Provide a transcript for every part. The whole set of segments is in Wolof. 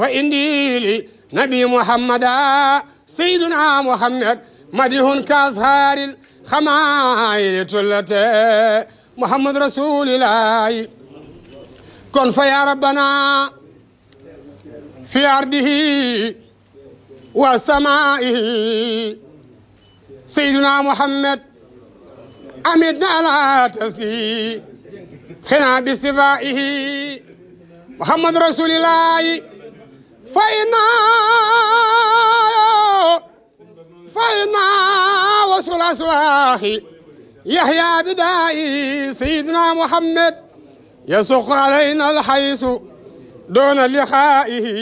fa indi li nabi muhammada sayyiduna muhammad madihun kaashaaril xamaayil tullate muhammad rasulillahi kon fa ya rabbana fi ardihi wa samaa'ihi sayyiduna muhammad amidna ala tasdi xina bistifaa'ihi muhammad rasulillahi fay naa fay naa wasul aswaaxi yaxya bi daa'i sayidina muhammad yasuq alayna alxaysu doona lixaa'ihi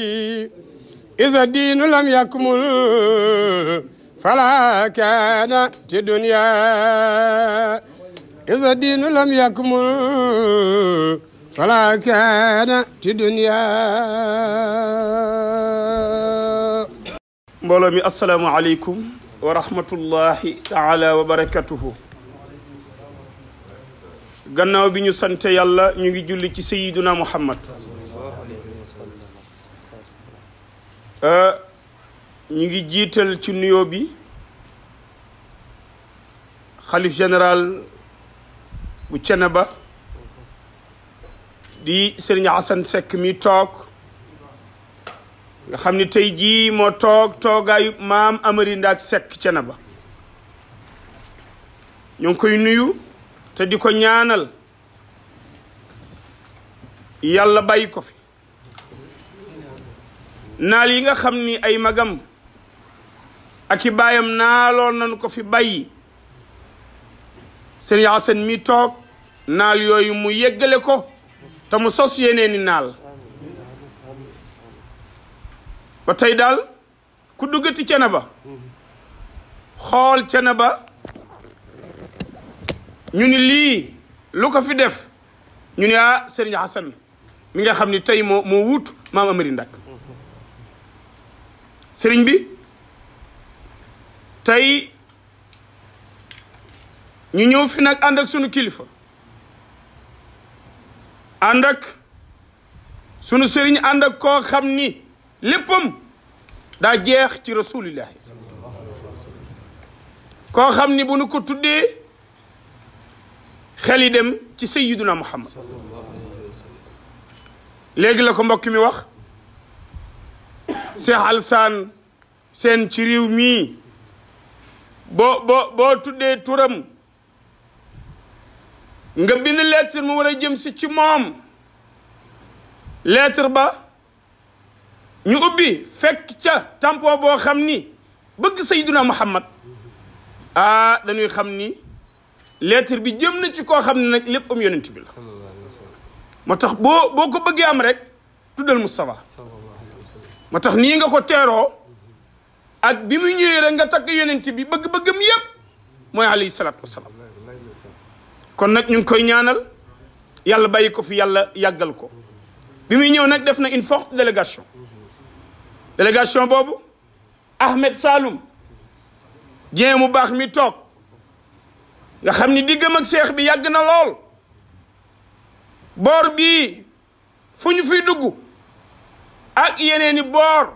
iza diinu lam yakmul fala kaana ti dunya iza diinu lam yakmul فلا كانت دنيا mbooloo mi asalaamaaleykum wa rahmatullahi taala wa barakatuhu bi ñu sante yàlla ñu ngi julli ci sayiduna muhammad euh, ñu ngi jiital ci nuyoo bi xalif général bu Ceneba di sëriñ Assane Seck mi toog nga xam ni tey jii moo toog toogaayu maam Amary Ndack Seck Thiénaba ñu ngi koy nuyu te di ko ñaanal yàlla bay ko fi naal yi nga xam ni ay magam ak i baayam naaloon ko fi bay sëriñ Assane mi toog naal yooyu mu yeggale ko te mu sos yeneeni naal ba tey daal ku duggati cene ba xool cene ba ñu ni lii lu ko fi def ñu ni ah Serigne Hassan mi nga xam ni tey moo wut maam Amari Ndak sëriñ bi tey ñu ñëw fi nag ànd ak sunu kilifa ànd sunu sëriñ ànd koo xam ni léppam daa jeex ci rasulillahi koo xam ni bu nu ko tuddee xel dem ci sayyiduna muhammad léegi la ko mbokk mi wax Cheikh Alassane Sène ci réew mii boo boo boo tuddee turam nga bind lettre mu war a jëm si ci moom lettre ba ñu ubbi fekk ca tampon boo xam ni bëgg sayduna muhammad ah dañuy xam ni lettre bi jëm na ci ko xam ne nag lépp am yonent bi la moo tax boo boo ko bëggee am rek tuddal Moustapha moo tax nii nga ko teeroo ak bi mu ñëwee rek nga takk yonent bi bëgg-bëggam yëpp mooy alayhi salaatu wasalaam kon nag ñu ngi koy ñaanal yàlla bàyyi ko fi yàlla yàggal ko bi muy ñëw nag def na une forte délégation délégation boobu Ahmed Saloum Dieng mu baax mi toog nga xam ni diggam ak seex bi yàgg na lool boor bi fu ñu fiy dugg ak yeneeni boor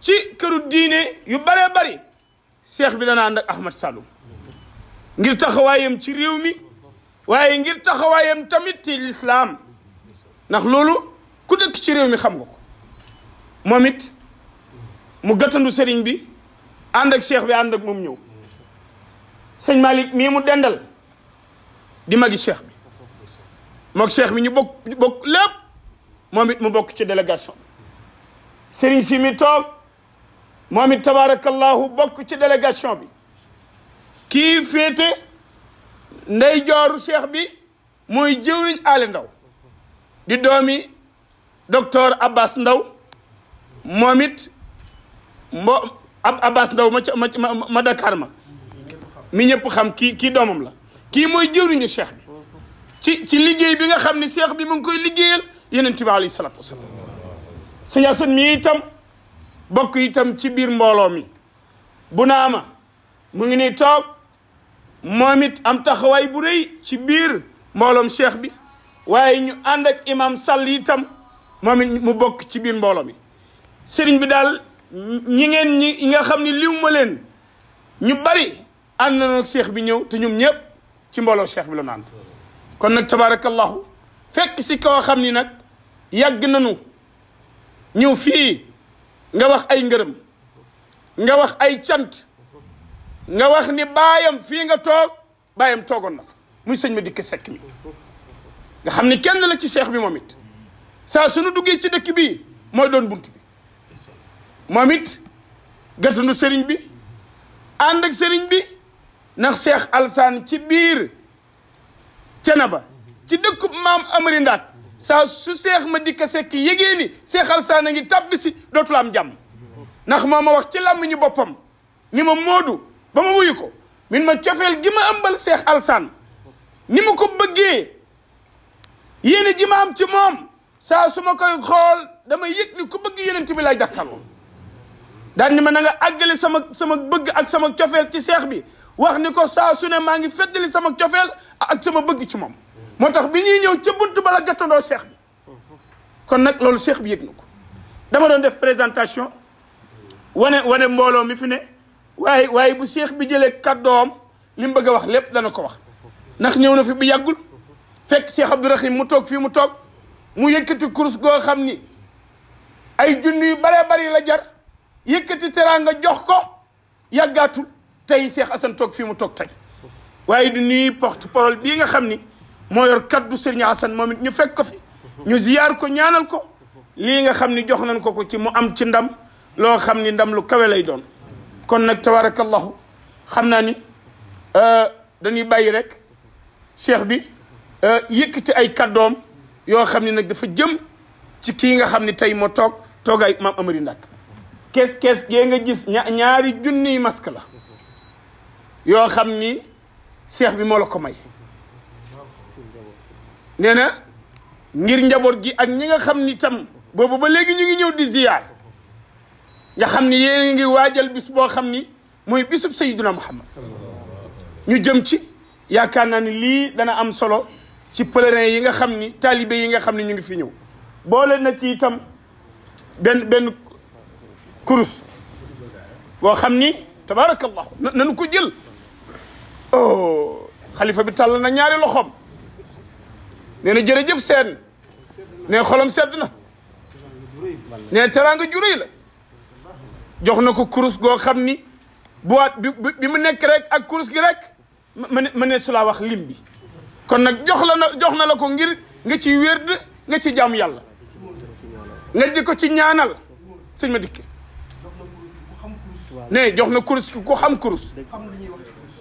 ci këru diine yu baree bari seex bi dana ànd ak Ahmed Saloum ngir taxawaayam ci réew mi waaye ngir taxawaayam tamit ci lislaam ndax loolu ku dëkk ci réew mi xam nga ko moom it mu gàttandu sëriñ bi ànd ak cheikh bi ànd ak moom ñëw sëñ Malick mii mu dendal di magi cheikh bi mook cheikh bi ñu bokk bokk lépp moom mu bokk ci delegation bi sëriñ si mi toog moom it bokk ci delegation bi ki féete ndey jooru cheikh bi mooy jëwriñ ale ndaw di doomi docteur abbas ndaw moom it mbo abbas ndaw ma ma ma dakar ma mi ñëpp xam kii kii doomam la kii mooy jëwriñu cheikh bi ci ci liggéey bi nga xam ne cheikh bi mu ngi koy liggéeyal yenent bi alayhi salaatu wasalaam sëñ Asan mi itam bokk itam ci biir mbooloo mi bu naama mu ngi nii toog moom it am taxawaay bu rëy ci biir mbooloom cheikh bi waaye ñu ànd ak imam Sall itam moom mu bokk ci biir mbooloo mi sëriñ bi daal ñi ngeen ñi nga xam ni liw ma leen ñu bari ànd nañu ak cheikh bi ñëw te ñoom ñëpp ci mbooloo cheikh bi la naan kon nag tabaarakallahu fekk si koo xam ni nag yàgg nañu ñëw fii nga wax ay ngërëm nga wax ay cant nga wax ni baayam fii nga toog baayam toogoon na muy sëñ ma dikk sekk mi nga xam ni kenn la ci seex bi moom it saa suñu duggee ci dëkk bi mooy doon bunt bi moom it gàttanu sëriñ bi ànd ak sëriñ bi ndax seex alsaan ci biir Cenaba ci dëkkub maam amari ndaat saa su seex ma dikk sekk yégée ni seex alsaan a ngi tàbbi si dootul am jàmm ndax moo wax ci làmmiñu boppam ni ma moodu ba ma wuyu ko min ma cofeel gi ma ëmbal seex alsaan ni ma ko bëggee yéene ji ma am ci moom saa su ma koy xool damay yëg ni ku bëgg yonent bi lay jàkkaarloo daan ni ma na nga àggale sama sama bëgg ak sama cofeel ci seex bi wax ni ko saa su ne maa ngi feddali sama cofeel ak sama bëgg ci moom moo tax bi ñuy ñëw ca buntu bala jottandoo seex bi kon nag loolu seex bi yëg na ko dama doon def présentation wane wane mbooloo mi fi ne waaye waaye bu seex bi jëlee kàddoom li mu bëgg a wax lépp dana ko wax ndax ñëw na fi bu yàggul fekk seex abdourahim mu toog fii mu toog mu yëkkati kurus goo xam ni ay junni yu baree bari la jar yëkkati teraanga jox ko yàggaatul tey seex asan toog fi mu toog tey waaye du nuyu porte parole bii nga xam ni moo yor kaddu sëriñ asan moom it ñu fekk ko fi ñu ziyaar ko ñaanal ko lii nga xam ni jox nañ ko ko ci mu am ci ndam loo xam ni ndam lu kawe lay doon kon nag tabarakallahu xam naa ni euh, dañuy bàyyi rek cheikh bi yëkk euh, yëkkati ay kaddoom yoo xam ne nag dafa jëm ci kii nga xam ni tey moo toog toogaay maam Amary Ndak kees kees gee nga gis ñaari junniy masque la yoo xam ni cheikh bi moo la ko may nee na ngir njaboot gi ak ñi nga xam ni tam boobu ba léegi ñu ngi ñëw di ziyaar nga xam ni yéen ngi waajal bis boo xam ni mooy bisub Sayyiduna Muhammad ñu jëm ci yaakaar naa ni lii dana am solo ci pèlerins yi nga xam ni taalibe yi nga xam ni ñu ngi fi ñëw boole na ci itam benn benn kurus boo xam ni tabaarakallahu nanu ko jël oh xalifa bi tàll na ñaari loxoom nee na jërëjëf seen ne xolam sedd na ne teraanga ju la jox na ko kurus goo xam ni bu waat bi bi mu nekk rek ak kurus gi rek mën mëne su laa wax lim bi kon nag jox la na jox na la ko ngir nga ci wérd nga ci jaamu yàlla nga di ko ci ñaanal sëñ ma dikke ne jox na kurus ki ku xam kurus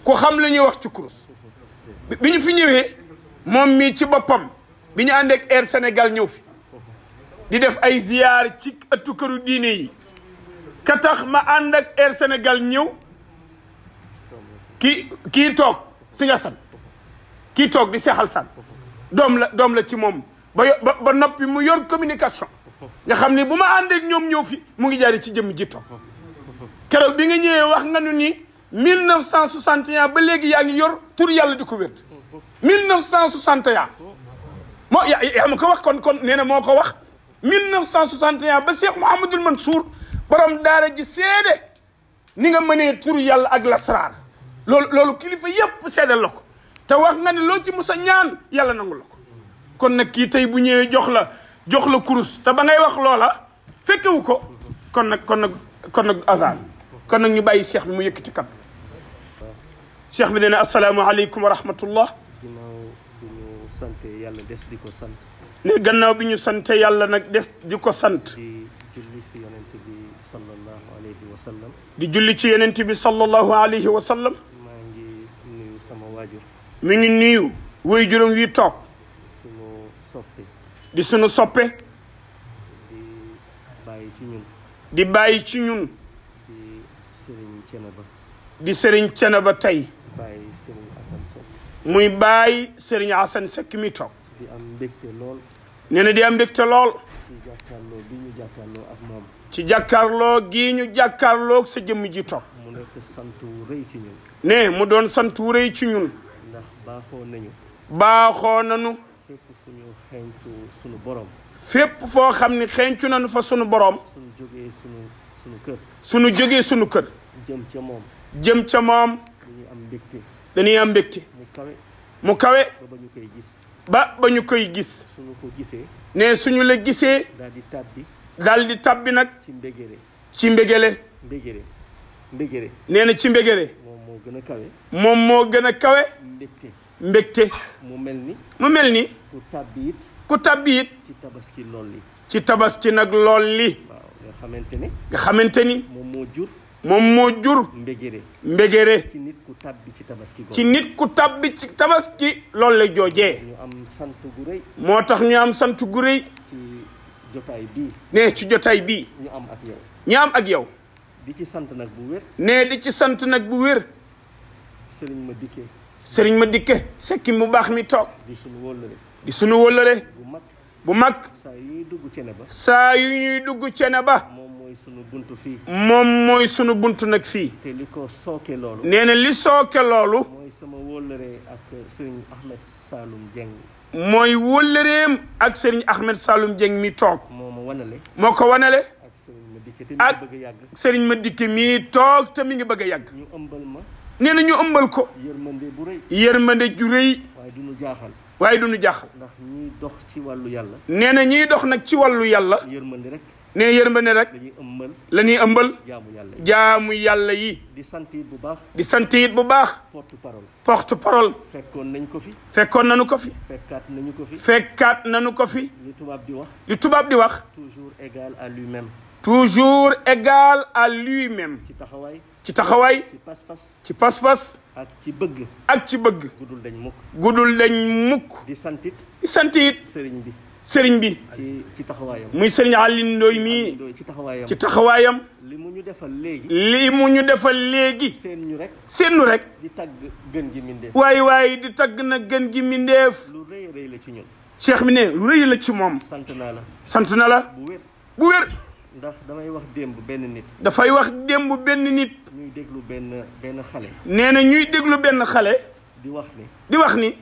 ku xam li ñuy wax ci kurus bi ñu fi ñëwee moom mii ci boppam bi ñu ànd ak Air Sénégal ñëw fi di def ay ziyaar ci ëttu këru diine yi ka tax ma ànd ak Air Sénégal ñëw kii kii toog si nga san kii toog di seexal san doom la doom la ci moom ba ba noppi mu yor communication nga xam ni bu ma ànd ak ñoom ñëw fi mu ngi jaari ci jëmm ji toog keroog bi nga ñëwee wax nga nu ni 1961 ba léegi yaa ngi yor tur yàlla di ko wér 1961 moo yaa ma ko wax kon kon nee na moo ko wax mille 1961 ba Cheikh Mouhamadul Mansour borom daara ji seede ni nga mënee tur yàlla ak lasraar loolu loolu kilifa yépp seedal la ko te wax nga ne loo ci musa ñaan yàlla nangu la kon nag kii tey bu ñëwee jox la jox la kurus te ba ngay wax loola fekkewu ko kon nag kon nag kon nag azaan kon nag ñu bàyyi cheikh bi mu yëkkati kat cheikh bi ne na asalaamaaleykum wa rahmatullah sant yàlla des di ko sant. ne gannaaw bi ñu sante yàlla nag des di ko sant. di julli ci yenent bi sallallahu alayhi wa sallam maa ngi nuyu sama waajur mi ngi nuyu wéy juróom wi toog di sunu soppe di bàyyi ci ñun di bàyyi ci ñun di sëriñ Cenaba di sëriñ Cenaba tey bàyyi sëriñ Asan Sekk muy bàyyi di am mbégte lool nee na di lool di ci jàkkaarloo gii ñu jàkkaarloo sa jëmm ji to mu nekk sant wu rëy ci ne mu doon sant wu rëy ci ñun. baaxoo nañu. baaxoo nañu. fépp borom. fépp foo xam ne xeeñtu nañu fa sunu borom. sunu jógee sunu sunu kër. sunu jógee jëm ca moom. jëm ca moom. dañuy am mbégte. dañuy am mbégte. mu kawe. mu ba ba ñu koy gis. ba ba ñu koy gis. suñu ko gisee. ne suñu la gisee. daal di daal di tabbi nag. ci mbégéré. ci mbégélé. mbégéré mbégéré. nee na ci mbégéré. moom moo gën a kawe. moom moo gën a kawe. mbégte. mbégte. mu mel ni. mu mel ni. ku tabbi it. ku tabbi it. ci tabaski lool li. ci tabaski nag lool li. nga xamante ni. nga xamante ni. moom moo jur. moom moo ci nit ku tabbi ci tabaski. ci nit ku tabbi ci tabaski. loolu la joojee. am sant gu moo tax ñu am sant gu jotaay bii. ne ci jotaay bii. ñu am ak yow. ñu ak yow. di ci sant nag bu wér. ne sant nag bu wér. sëriñ ma dikke. sëriñ ma dikke sekki mu baax mi toog. di sunu wóllare. di sunu wóllare. bu mag bu mag. saa yu ñuy dugg cene ba. saa yu ñuy dugg cene ba. moom mooy sunu bunt fii. mooy sunu buntu nag fii. te li ko sooke loolu. nee na li sooke loolu. mooy sama wóllare ak sëriñ Ahmed Saloum Dieng. mooy wëllëreem ak Serigne Ahmed Saloum Dieng mi toog. moo ma wanale. moo ko wanale. ak Serigne ma dikke mii toog te mi ngi bëgg a yàgg. ñu ëmbal ma. nee na ñu ëmbal ko. yërmande bu rëy. yërmande ju rëy. waaye du ñu jaaxal. waaye du ñu jaaxal. ndax ñiy dox ci wàllu yàlla. nee na ñiy dox nag ci wàllu yàlla. yërmande rek. ne nee yërmande rek la ñuy ëmbal jaamu yàlla yi di sant bu baax di sant bu baax porte parole porte parole fekkoon nañ ko fi fekkoon nañu ko fi fekkaat nañu ko fi fekkaat nañu ko fi tubaab di wax li tubaab di wax toujours égal à lui-même toujours égal à lui-même ci taxawaay ci taxawaay ci pas ci pas ak ci bëgg ak ci bëgg gudul dañ mukk gudul dañ mukk di santit di santit bi sëriñ bi ci taxawaayam muy sëriñ Alioune Ndoye mii ci taxawaayam ci taxawaayam li mu ñu defal léegi li mu ñu defal léegi seen ñu rek seen rek gën gi waaye waaye di tagg na gën ji mindeef lu ci ñun cheikh mi ne lu rëy la ci moom sant naa la sant na la bu wér bu wér ndax damay wax démb benn nit dafay wax démb benn nit ñuy déglu benn benn xale nee na ñuy déglu benn xale di wax ni di wax ni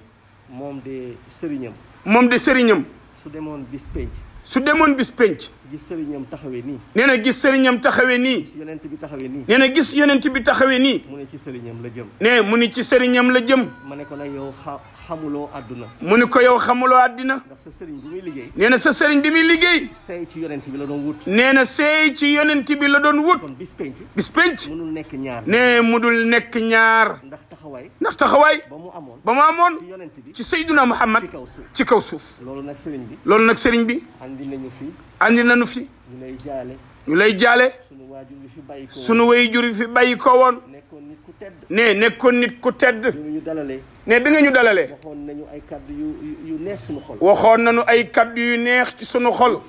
moom de sëriñam moom de sëriñam su demoon bis penc. su demoon bis penc. gis sëriñam taxawee nii. nee na gis sëriñam taxawee nii. gis yonent bi taxawee nii. nee na gis yonent bi taxawee nii. mu ne ci sëriñam la jëm. nee mu ne ci sëriñam la jëm. ma ne ko nag yow xa xamuloo àdduna. mu ne ko yow xamuloo àddina. ndax sa sëriñ bi liggéey. nee na sa seriñ bi muy liggéey. seey ci yonent bi la doon wut. nee na seey ci yonent bi la doon wut. kon bis penc. bis penc. munul nekk ñaar. nee mudul nekk ñaar. ndax taxawaay. ndax taxawaay. ba mu amoon ba mu amoon. ci yonent bi ci Seydina Muhammad. ci kaw suuf ci kaw suuf. loolu nag sëriñ bi. loolu nag sëriñ bi. andi nañu fi. andi nañu fi. ñu lay jaale. ñu lay jaale. sunu fi bàyyi ko woon. sunu waajur yi fi bàyyi nekkoon ku tedd. nee nekkoon nit ku tedd. bi mu ne bi nga ñu dalalee. waxoon nañu ay kaddu yu yu neex sunu xol. waxoon nañu ay kaddu yu neex ci sunu xol.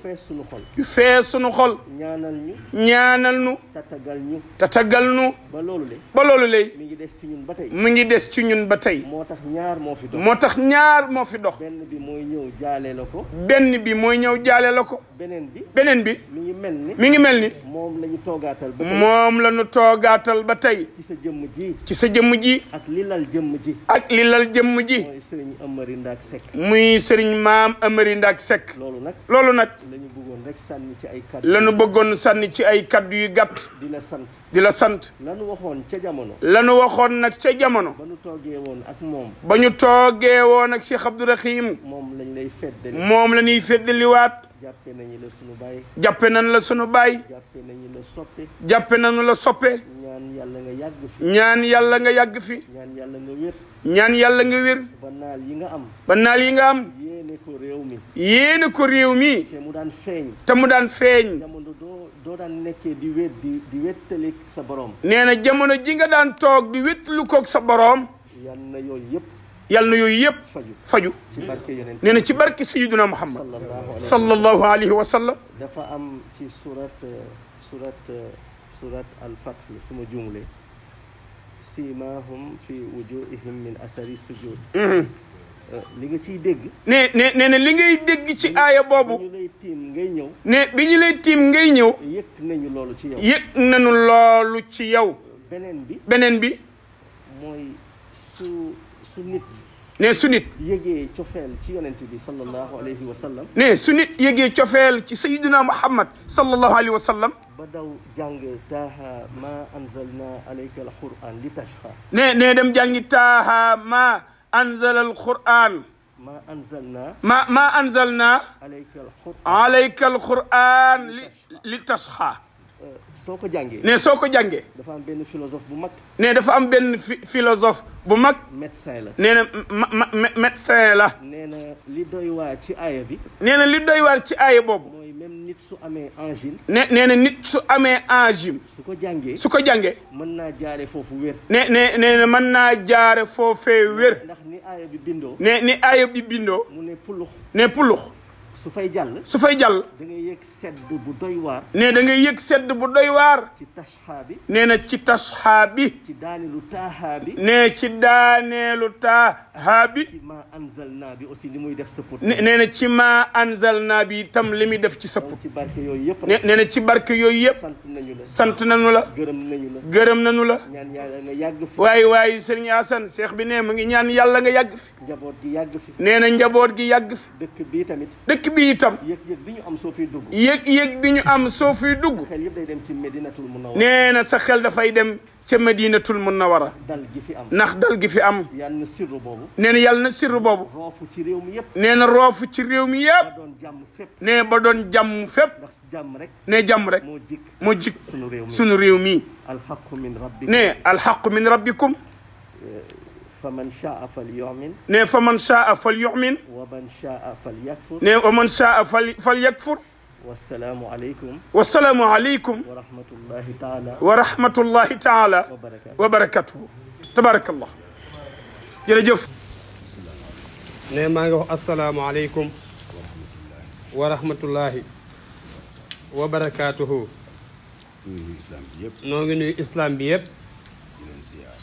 yu fees sunu xol. yu fees xol. ñaanal ñu. ñaanal ñu. tatagal ñu. tatagal ñu. ba loolu le. ba mi ngi des ci ñun ba tey. mi des ci ñun ba tey. moo tax ñaar moo fi dox. moo tax ñaar moo dox. benn bi mooy ñëw jaale la ko. benn bi mooy ñëw jaale ko. beneen bi. beneen bi. mi ngi mel ni. mi ngi mel ni. moom la ñu toogaatal ba tey. moom la toogaatal ba tey. sa jëmm ji. ci sa jëmm ji. ak li lal jëmm ji. ak li lal jëmm ji muy sëriñ Amary Ndack Seck muy sëriñ maam Amary ak Seck loolu nag loolu nag lañu bëggoon rek sànni ci ay kaddu bëggoon sànni ci ay kaddu yu gàtt di la sant di la sant lanu waxoon ca jamono lanu waxoon nag ca jamono ba ñu toogee woon ak moom ba ñu toogee woon ak Cheikh Abdou Rahim moom lañ lay feddali moom la ñuy feddaliwaat jàppe nañu la sunu baay jàppe nañ la sunu baay jàppe nañu la soppe jàppe la soppe ñaan yàlla nga yàgg fi. ñaan yàlla nga yàgg fi. ñaan yàlla nga wér. yàlla nga wér. ba naal nga am. ba naal yi nga am. ko réew mi. yéene ko réew mi. mu daan feeñ. te mu daan feeñ. jamono doo doo daan nekkee di wét di di sa borom. nee na jamono ji nga daan toog di wéttalu koog sa borom. yal na yooyu yëpp. yal na yëpp. faju faju ci barke Sayyiduna Muhammad. sallallahu alayhi wa surat al-fath suma juumlee simaahum fi wujuhihim min asari sujud mhm. eh, li nga ciy dégg ne ne ne ne li ngay dégg ci aaya boobu ngay ñëw bi ñu lay tiim ngay ñëw yëg nañu loolu ci yow yëg nañu loolu ci yow beneen bi beneen bi mooy su su nit ne su nit yëgee cofeel ci yonent bi sallallahu alayhi wa sallam ne su nit yëgee cofeel ci sayyidina muhammad sallallahu alayhi wa sallam ba daw jàng taaha ma anzalna alayka alquran li tashqa ne ne dem jàngi taaha ma anzala alquran ma anzalna ma ma anzalna alayka alquran li tashqa Euh, soo ko jàngee. ne soo ko jàngee. dafa am benn philosophe bu mag. ne dafa am benn philosophe bu mag. médecin la nee na médecin la. nee na li doy waar ci aaya bi. nee na li doy waar ci aaya boobu. mooy même nit su amee angine. ne nee na nit su amee angine. su ko jàngee su ko jàngee. mën naa jaare foofu wér. ne ne nee na mën naa jaare foofee wér. ndax ni aaya bi bindoo. ne ni aaya bi bindoo. mu ne pulux. ne pulux. su fay jàll. su fay jàll. da ngay yëg sedd bu doy waar. nee da ngay yëg sedd bu doy waar. ci tasxaa bi. nee na ci tasxaa bi. ci daaneelu taaxaa bi. ne ci daaneelu taaxaa bi. ci ma anzal naa bi aussi li muy def sa put. nee na ci ma anzal naa bi itam li muy def ci sa put. ci barke yooyu yëpp la. nee na ci barke yooyu yëpp. sant nañu la sant nañu la. gërëm nañu la gërëm nañu la. ñaan yàgg fi. waaye waaye sëñ Assane seex bi ne mu ngi ñaan yàlla nga yàgg fi. njaboot gi yàgg fi. nee na njaboot gi yàgg fi. dëkk bi tamit. dugg itam. yëg bi ñu am soo fiy dugg. yëg bi ñu am soo fiy dugg. xel yëpp day dem ci Medinatul Munawara. nee na sa xel dafay dem ca Medinatul Munawara. dal gi fi am ndax dal gi fi am. yal na sirru boobu. nee na na sirru boobu. roofu ci réew mi yëpp. nee na roofu ci réew mi yëpp. ba doon jàmm fépp. ba doon jàmm fépp. ndax jàmm rek. nee jàmm rek. moo jik moo jik sunu réew mi réew mi. alxaqu min rabbikum. nee min rabbikum. Eh, fa man caa fal yu'min ne fa man caa fal yu'min wa man caa fal yakfur ne wa man caa fal fal yakfur wassalaamu aleykum wassalaamu aleykum wa rahmatullahi taala wa rahmatullahi taala wa barakatuhu tabarakallah jërëjëf ne maa ngi wax assalaamu aleykum wa rahmatullahi wa barakatuhu noo ngi nuyu islam bi yëpp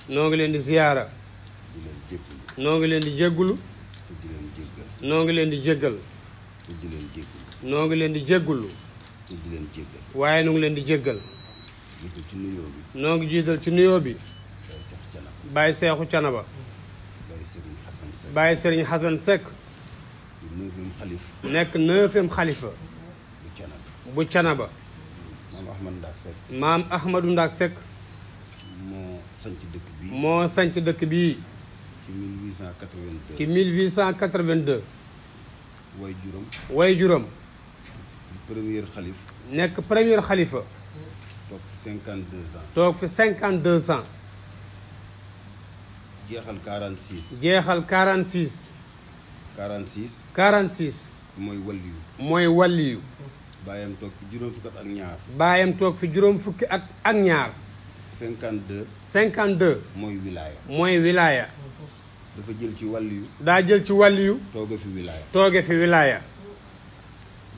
noo ngi leen di ziyaara noo ngi leen di jéggulu noo ngi leen di jéggal noo ngi leen di jéggulu waaye nu ngi leen di jéggal noo ngi jiital ci nuyoo bi bàyyi seexu canaba bàyyi sëriñ xasan sekk nekk neuvième xalifa bu canaba maam ahmadu ndaak sekk moo sanc dëkk bii ci 1882. ci 1882. way juróom. way juróom. premier xalif. nekk premier xalifa. toog fi 52 ans. toog fi 52 ans. jeexal 46. jeexal 46. 46. 46. mooy walliyu. mooy walliyu. baayam toog fi juróom fukki ak ñaar. baayam toog fi juróom fukki ak ñaar. cinquante 52. 52. mooy wilaya. mooy wilaya. dafa jël ci wàll yu. daa jël ci wàll yu. tooge fi wilaya. tooge fi wilaya.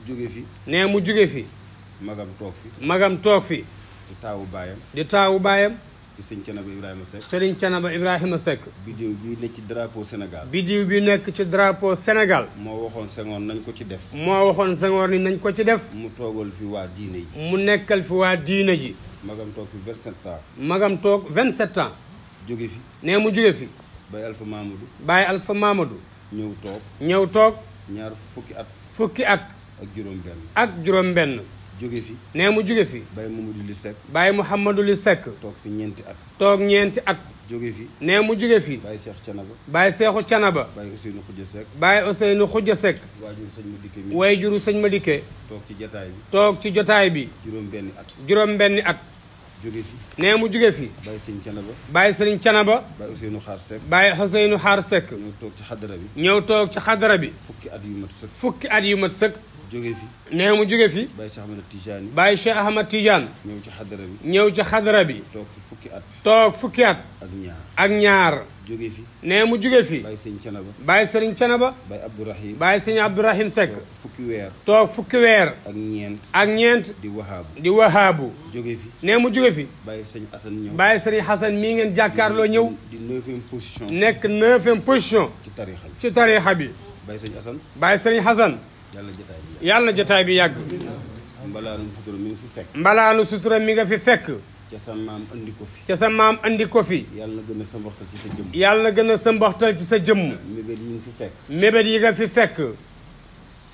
jóge fi. nee mu jóge fi. magam toog fi. magam toog fi. di taawu baayam. di taawu baayam. di Canaba Ibrahima Seck. sëriñ Canaba Ibrahima Seck. bidiw bi nekk ci drapeau Sénégal. bidiw bi nekk ci drapeau senegal moo waxoon Senghor nañ ko ci def. moo waxoon Senghor ni nañ ko ci def. mu toogal fi waa diine ji. mu nekkal fi waa diine ji. magam toog fi 27 ans. magam toog vingt ans. jóge fi. nee mu jóge fi. Baye Alpha Mamadou. Baye Alpha Mamadou. ñëw toog. ñëw toog. ñaar fukki at. fukki at. ak juróom benn. ak juróom benn. jóge fi nee mu jóge fi Baye Mamadou li Seck Baye Mouhamadou li Seck toog fi ñeenti at toog ñeenti at jóge fi nee mu jóge fi Baye Seex Canaba Baye Seexu Canaba Baye Ousseynou Khoudia Seck Baye Ousseynou Khoudia Seck waajuru sëñ ma dikke mi waajuru sëñ ma dikke toog ci jotaay bi toog ci jotaay bi juróom benni at juróom benni at jóge fi nee mu jóge fi Baye Sëñ Canaba Baye Sëñ Canaba Baye Ousseynou Xaar Seck Baye Ousseynou Xaar Seck ñëw toog ci xadara bi ñëw toog ci xadara bi fukki at yu mat fukki at yu mat sëkk jóge fi. nee mu jóge fi. Baye Cheikh Ahmed Tidiane. Baye Cheikh Ahmed Tidiane. ñëw ci xadara bi. ñëw ci xadara bi. toog fukki at. toog fukki at. ak ñaar ak ñaar. jóge fi. nee mu jóge fi. Baye Serigne Canaba. Baye Serigne Canaba. baay Abdourahim. Baye Serigne Abdourahim Seck. toog fukki weer. toog fukki weer. ak ñeent. ak ñeent. di wahaabu. di jóge fi. nee mu jóge fi. Baye Serigne Assane ñëw. Baye Serigne Assane mii ngeen jàkkaarloo ñëw. di nekk neuvième position. ci tariixa bi ci tariixa bi. Baye Serigne Assane. yàlla na jotaay bi yàgg. mbalaanu sutura mi nga fi fekk. mbalaanu sutura mi nga fi fekk. sa maam andi ko fi. ca sa maam andi ko fi. yàlla na gën a sa mboxtal ci sa yàlla gën a sa mboxtal ci sa jëmm. mébét yi nga fi fekk. yi nga fi fekk.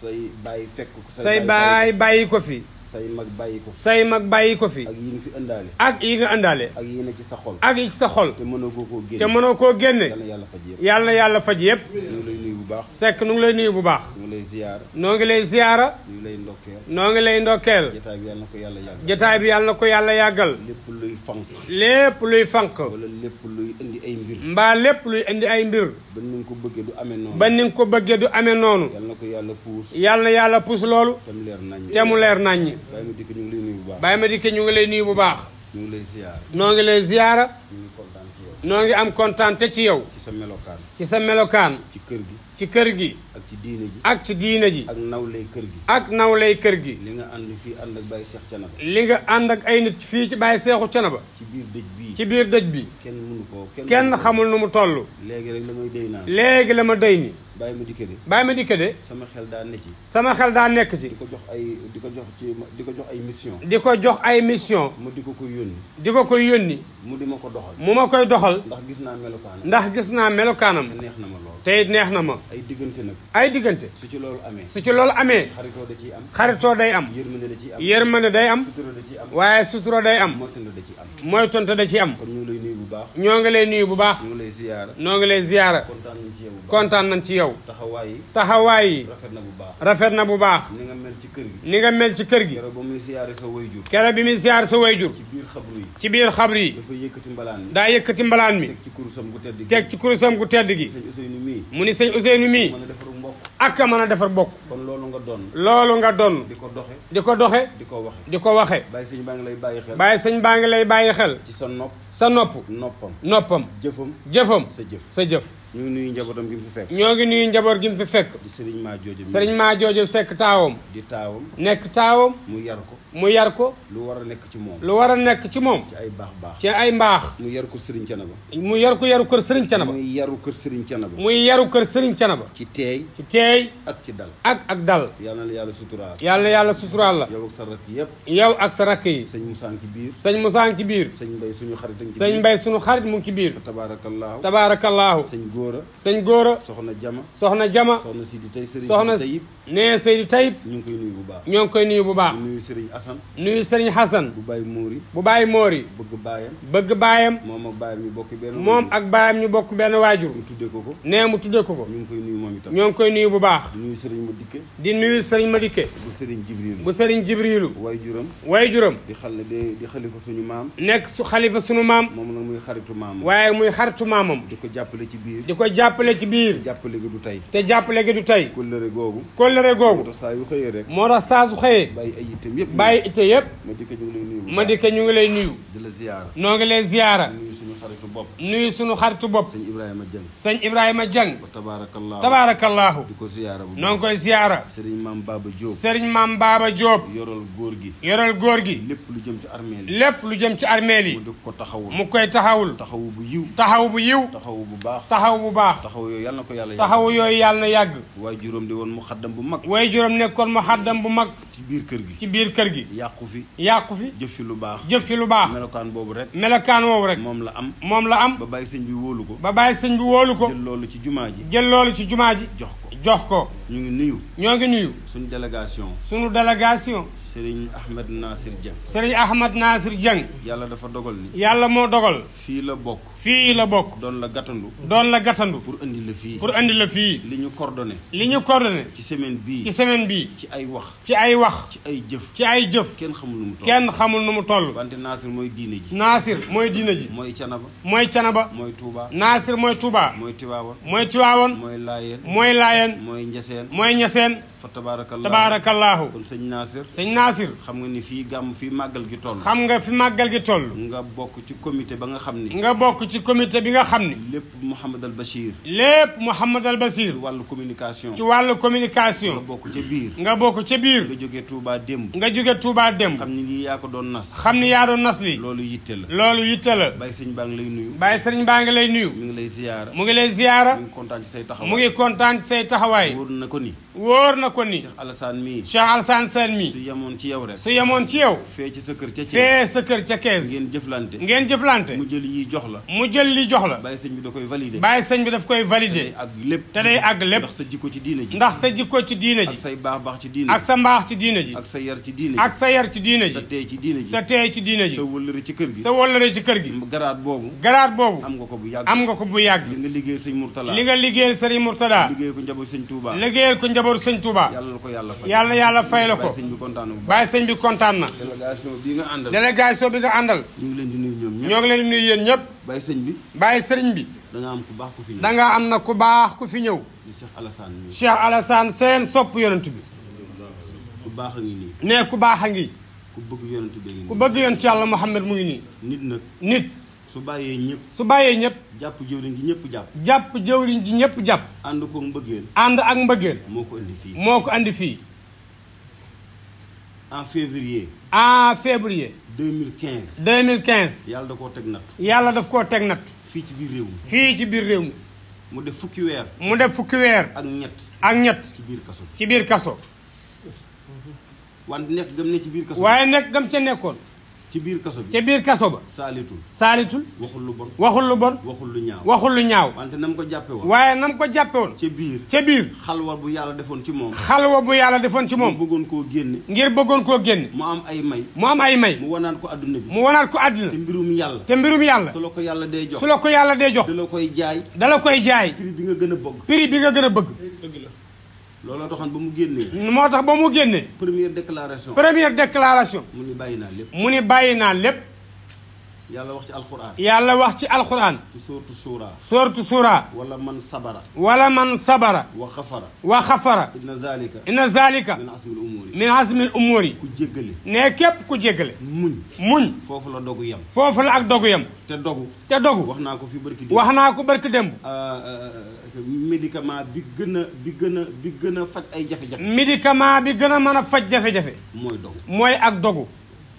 say bàyyi fekk ko. say bàyyi bàyyi ko fi. say mag bàyyi ko fi. say mag bàyyi ko fi. ak yi nga fi ëndaale. ak yi nga ëndaale. ak yi ne ci sa xol. ak sa xol. te mënoo koo koo génne. mënoo koo génne. yàlla yàlla faj yëpp. yàlla yàlla faj yëpp. baax. Seck nu ngi lay nuyu bu baax. nu ngi lay ziar. noo ngi lay ziara. noo ngi lay ndokkeel. noo ko yàlla yàggal. jotaay bi yàlla ko yàlla yàggal. lépp luy fanq. lépp luy fanq. wala lépp luy ay mbir. mbaa lépp luy indi ay mbir. ba ni ko bëggee du amee noonu. ba ni ko bëggee du noonu. na ko yàlla puus. yàlla yàlla puus loolu. te leer naññ. te leer naññ. bàyyi ñu ngi lay nuyu bu baax. bàyyi ma lay nuyu bu baax. ñu ngi lay ziar. noo ngi lay ziara. noo ngi am kontaan te ci yow. ci sa melokaan. ci sa melokaan. ci kër gi. ci kër gi ak ci diine ji ak ci diine ji ak nawlay kër gi ak nawlay kër gi li nga ànd fii ànd ak Baye Cheikh Canaba li nga ànd ak ay nit fii ci Baye Cheikhu Canaba ci biir dëj bi ci biir dëj bi kenn mënu ko kenn xamul nu mu toll léegi rek la may day naa léegi ma day ni bàyyi ma dikke de bàyyi ma dikke de sama xel daa ne ci sama xel daa nekk ci di ko jox ay di ko jox ci di ko jox ay mission di ko jox ay mission mu di ko koy yónni di ko koy yónni mu di ma ko doxal mu koy doxal ndax gis naa melokaanam ndax gis naa melokaanam neex na ma lool tey neex na ma. ay diggante nag. ay diggante. su ci loolu amee. su ci loolu amee. xaritoo da ciy am. xaritoo day am. yërmande da ciy am. yërmande day am. sutura da ciy am. waaye sutura day am. moytonte da ciy am. am. kon ñoo ngi lay nuyu bu baax. ñoo ngi lay nuyu bu baax. ñoo ngi lay ziyaara. ñoo kontaan nañ ci yow. taxawaay yi. taxawaay rafet na bu baax. rafet na bu baax. ni nga mel ci kër gi. ni nga mel kër gi. keroog ba muy ziyaare sa bi muy ziyaare sa wayjur. ci biir xabru yi. ci biir xabru yi. dafa yëkkati mbalaan mi. daa yëkkati mbalaan mi. teg ci kurusam gu tedd gi. mu ni sëñ Ousseynou mii. ak a mën defar bokk. kon loolu nga doon. loolu nga doon. di ko doxe di ko doxe di ko waxe di ko waxe bàyyi sëñ baa ngi lay bàyyi xel. bàyyi sëñ baa ngi lay bàyyi xel. ci sa nopp sa nopp. noppam noppam. jëfam jëfam sa jëf sa jëf. ñoo nuyu njabootam gi mu fekk. ñoo ngi nuyu njaboot gi mu fekk. di sëriñ maa joojo sëriñ maa sekk taawam. di taawam. nekk taawam. mu yar ko. mu yar ko. lu war a nekk ci moom. lu war a nekk ci moom. ay baax baax. ci ay mbaax. mu yar ko sëriñ Canaba. mu yar ko yaru kër sëriñ Canaba. muy yaru kër sëriñ Canaba. muy yaru kër sëriñ Canaba. ci teey. teey ak ci dal ak ak dal yàlla na yàlla suturaal yàlla yàlla suturaal la yow ak sa rakk yow ak sa rakk yi sëñ Moussa ci sañ sëñ Moussa ci biir sëñ Mbay suñu xarit sëñ Mbay suñu xarit mu ngi ci biir tabaarakallaahu tabaarakallaahu sëñ Góora sëñ Góora soxna Jama soxna Jama soxna Sidi Tey sëriñ soxna Tayib nee Seydi Tayib ñu ngi koy nuyu bu baax ñoo ngi koy nuyu bu baax nuyu sëriñ Asan nuyu sëriñ Hasan bu bàyyi móori bu bàyyi móori bëgg baayam bëgg baayam moom ak baayam ñu bokk benn moom ak ñu bokk benn waajur mu tuddee ko ko nee mu tuddee ko ko ñu ngi koy nuyu moom ñoo koy nuyu nuyu bu baax. di nuyu Serigne Madické. di nuyu Serigne Madické. bu Serigne Jibril. bu Serigne Jibril. way juram. way juram. di xale di xalifa suñu maam. nekk su xalifa suñu maam. moom nag muy xaritu maamam. waaye muy xaritu maamam. di ko jàppale ci biir. di ko jàppale ci biir. te jàppale gi du tey. te jàppale gi du tey. kóllëre googu. kóllëre googu. moo tax saa yu xëyee rek. moo tax saa su xëyee. bàyyi ay itam yëpp. bàyyi itam yëpp. Madické ñu ngi lay nuyu. Madické ñu ngi lay la ziyaara. noo ngi lay ziyaara. xaritu bopp. nuyu sunu xaritu bopp. sëñ Ibrahima Dieng. sëñ Ibrahima Dieng. tabaarakallaahu tabaarakallaahu. di ko ziyaara bu noo ngi koy ziyaara. Serigne Mame Baba Diop. Serigne maam Baba Diop. yoral góor gi. yoral góor gi. lépp lu jëm ci armeel yi. lépp lu jëm ci armeel yi. mu di ko taxawul. mu koy taxawul. taxawu bu yiw. taxaw bu yiw. taxawu bu baax. taxaw bu baax. taxaw yooyu yàlla na ko yàlla yàgg. taxaw yooyu yàlla yàgg. waaye juróom di woon mu xaddam bu mag. waaye juróom nekkoon mu xaddam bu mag. ci biir kër gi. ci biir kër gi. yàqu fi. yàqu fi. jëf fi lu baax. jëf fi lu baax. melokaan boobu rek. melokaan woowu rek. moom la am. moom la am ba bàyyi sëñ bi wóolu ko ba bàyyi sëñ bi wóolu ko jël loolu ci jumaa ji jël loolu ci jumaa ji jox ko jox ko ñu ngi nuyu ñoo ngi nuyu suñu délégation suñu délégation Serigne Ahmed Nasir Dieng. Serigne Ahmed Nasir Dieng. yàlla dafa dogal ni. yàlla moo dogal. fii la bokk. fii la bokk. doon la gàttandu. doon la gàttandu. pour indi la fii. pour andi la fii. li ñu coordonné. li ñu coordonné. ci semaine bii. ci semaine ci ay wax. ci ay wax. ci ay jëf. ci ay jëf. kenn xamul nu mu toll. kenn xamul nu mu toll. wante Nasir mooy diine ji. Nasir mooy diine ji. mooy canaba. mooy canaba. mooy Touba. Nasir mooy Touba. mooy Tivaouane. mooy Tivaouane. mooy Laayeen. mooy Laayeen. mooy Ñaseen. mooy Ñaseen. fa kon sëñ Nasir. sëñ Nasir. xam nga ni fii gàmm fii màggal gi toll. xam nga fi màggal gi toll. nga bokk ci comité ba nga xam ni. nga bokk ci comité bi nga xam ni. lépp Mouhamad al Bachir. lépp Mouhamad al Bachir. ci wàllu communication. ci wàllu communication. nga bokk ca biir. nga bokk ca biir. nga jóge Touba démb. nga jóge Touba démb. xam ni lii yaa ko doon nas. xam ni yaa doon nas lii. loolu yitte la. loolu yitte la. Baye Sëriñ baa ngi lay nuyu. Baye Sëriñ baa ngi lay nuyu. mu ngi lay ziyaara. mu ngi lay ziyaara. mu ngi kontaan ci say taxawaay. mu ngi kontaan ci say taxawaay. wóor na ko ni. wóor na ko ni. Cheikh Alassane mii. Cheikh Alassane Sène mii. yemoon ci yow rek su yemoon ci yow fee sa kër ca kees fee sa kër ca kees ngeen jëflante ngeen jëflante mu jël yi jox la mu jël li jox la bàyyi sëñ bi da koy validé bàyyi sëñ bi daf koy validé te day àgg lépp ndax sa jikko ci diine ji ndax sa jikko ci diine ji ak sa mbaax ci diine ji ak sa yar ci diine ji ak sa yar ci diine ji sa teey ci diine ji sa teey ci diine wëllëre ci kër gi sa wëllëre ci kër gi garaat boobu garaat boobu am nga ko bu yàgg li nga liggéeyal sëñ Murtada liggéeyal ko njaboot sëñ waaye sëñ bi kontaan na. délégation bi nga àndal. délégation bi nga àndal. ñu ñoom ñoo ngi leen di nuyu yéen ñëpp. bàyyi sëñ bi. bàyyi sëriñ bi. da am ku baax ku fi ñëw. da nga ku baax ku fi ñëw. di Cheikh Alassane mi. Cheikh Alassane seen sopp yonent bi. ku baax a ngi ku baax a ngi. ku bëgg yonent bi ngi nii. ku bëgg yonent yàlla Muhammad mu ngi nii. nit na nit. su bàyyee ñëpp su bàyyee ñëpp jàpp jëwriñ ji ñëpp jàpp jàpp jëwriñ ji ñëpp jàpp ànd ko mbëggeel ànd ak mbëggeel moo ko andi fii moo ko andi fii en février. en février. 2015. quinze yàlla da koo teg natt. yàlla daf koo teg natt. fii ci biir réew mi. fii ci biir réew mi. mu def fukki weer. mu def fukki weer. ak ñett. ak ñett. ci biir kaso. ci biir kaso. wante ci waaye nekk gam ca nekkoon. ci biir kaso bi ca biir kaso ba. saalitul saalitul. waxul lu bon waxul lu bon. waxul lu ñaaw waxul lu ñaaw. wante nam ko jàppe woon. waaye nam ko jàppe woon. biir ca biir. xalwa bu yàlla defoon ci moom. xalwa bu yàlla defoon ci moom. ngir bëggoon koo génne. ngir bëggoon koo génne. mu am ay may. mu am ay may. mu wanaat ko adduna bi. mu wanaat ko adduna. te mbirum yàlla. te mbirum yàlla. su la ko yàlla dee jox su la ko yàlla dee jox. da la koy jaay. da koy jaay. bi nga gën a bëgg. prix bi nga gën a bëgg. looloo taxoon ba mu génnee. moo tax ba mu génnee. première déclaration. première déclaration. mu ni bàyyi naa lépp. mu ni bàyyi naa lépp. yàlla wax ci alxuraan. yàlla wax ci alxuraan. ci sooratu suura. sooratu suura. wala man sabara. wala man sabara. wa xafara. wa xafara. inna zaalika. inna zaalika. min azmil umuuri. min azmil umuuri. ku jéggale. ne képp ku jéggale. muñ. muñ. foofu la dogu yem. foofu la ak dogu yem. te dogu. te dogu wax naa ko fi barki démb. wax naa ko barki démb. Ah, ah, ah, médicament bi gën a bi gën a bi gën a faj ay jafe-jafe. médicament bi gën a mën a faj jafe-jafe. mooy dogu. mooy ak dogu.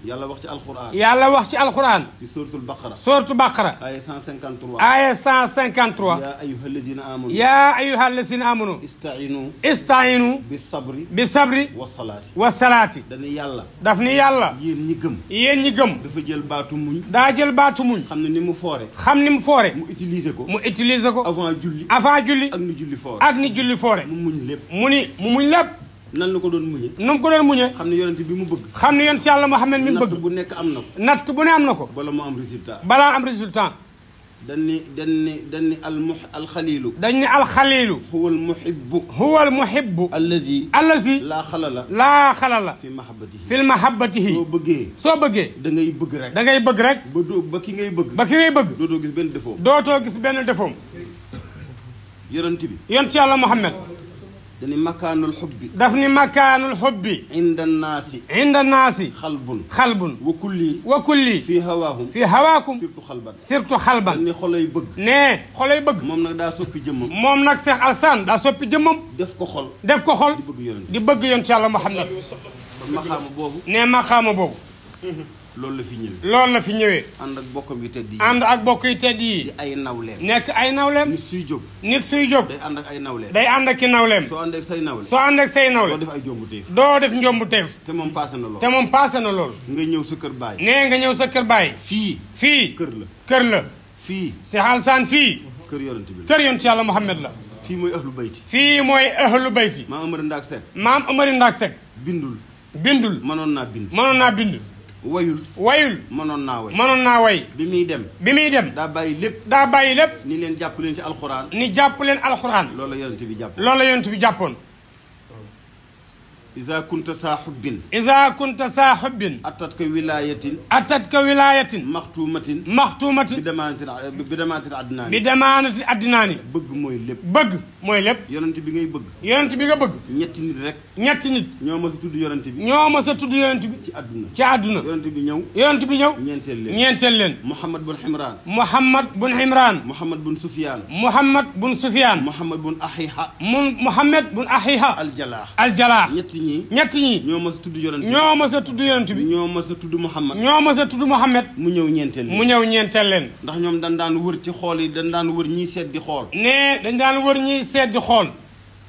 yàlla wax ci alxuraan. yàlla wax ci alxuraan. ci sóortul baqara. sóortu baqara. aaya 153. aaya 153. yaa ayyuhal lazina aamanu. yaa ayyuhal lazina aamanu. istainu. istainu. bi sabri. bi sabri. wa salaati. wa salaati. dañuy yàlla. daf ni yàlla. yéen ñi gëm. yéen ñi gëm. dafa jël baatu muñ. daa jël baatu muñ. xam ne ni mu foore. xam ni mu foore. mu utiliser ko. mu utiliser ko. avant julli. avant julli. ak ni julli foore. ak ni julli foore. mu muñ lépp. mu ni mu muñ lépp. nan la ko doon muñe nu mu ko ne yonent bi mu bëgg xam ne yonent yàlla Muhammad mi mu bëgg natt bu nekk am na ko natt bu ne na ko bala mu am résultat balaa am résultat dañ ni dañ ni dañ ni al mu alxaliilu dañ ni alxaliilu huwa al muhibbu huwa al muhibbu allazi allazi laa xalala laa xalala fi mahabbatihi fi mahabbatihi soo bëggee soo bëggee da ngay bëgg rek da bëgg rek ba doo ba ki ngay bëgg ba ki ngay bëgg dootoo gis benn defoom dootoo gis benn defoom yonent bi yonent yàlla Muhammad dani makaanul xubbi. daf ni makaanul xubbi. inda naasi. inda naasi. xalbun. xalbun. wa kulli. wa kulli. fii hawaahum. fii hawaakum. surtout xalban. surtout xalban. ne xolay bëgg. ne xolay bëgg. moom nag daa soppi jëmmam. moom nag Cheikh Alassane daa soppi jëmmam. def ko xol. def ko xol di bëgg yoon. di bëgg yoon ci Yàlla Muhammad. ne maqaama boobu. loolu la fi ñëwee. loolu fi ñëwee. ànd ak bokkam yu yi. ànd ak bokk yu tedd yi. di ay nawleem. nekk ay nawleem. nit suy jóg. nit suy jóg. day ànd ak ay nawleem. day ànd ak i nawleem. soo ànd ak say nawle. soo ànd ak doo def ay jombu teef. doo def njombu te moom paase na lool. te moom paase na lool. nga ñëw sa kër baay. nee nga ñëw sa kër baay. fii. fii kër la. kër la. fii. si xaalisaan fii. kër yonent bi la kër yonent yàlla Muhammad la. fii mooy ahlu bayti. fii mooy ahlu bayti. maam Amari Ndaak Seck. maam Amari Ndaak Seck. bindul. bindul mënoon naa bind. mënoon naa bind wayul wayul mënoon naa way mënoon naa way bi muy dem bi muy dem daa bàyyi lépp daa bàyyi lépp ni leen jàpp leen ci alxuraan ni jàpp leen alxuraan loolu la yonent bi jàpp loolu la yonent bi jàppoon isa kunta saa xubbin isa kunta saa xubbin attat ko wilaayatin attat ko wilaayatin maxtuumatin maxtuumatin bi damaanati bi damaanati addinaani bi damaanati addinaani bëgg mooy lépp bëgg mooy lépp yonent bi ngay bëgg yonent bi nga bëgg ñetti nit rek ñetti nit ñoo ma sa tudd yonent bi ñoo ma sa tudd yonent bi ci adduna ci adduna yonent bi ñëw yonent bi ñëw ñeenteel leen ñeenteel leen Muhammad bun Imran Muhammad bun Imran Muhammad bun Sufyaan Muhammad bun Sufyaan Muhammad bun Ahiha mun Muhammad bun Ahiha aljalaa aljalaa ñetti ñii. ñett ñii. ñoo mas a tudd yonent ñoo mas a tudd yonent bi. ñoo mas a tudd Muhammad. ñoo mas a tudd Muhammad. mu ñëw ñeenteel leen mu ñëw ñeenteel leen. ndax ñoom dañ daan wër ci xool yi dañ daan wër ñiy seet di xool. nee dañ daan wër ñiy seet di xool.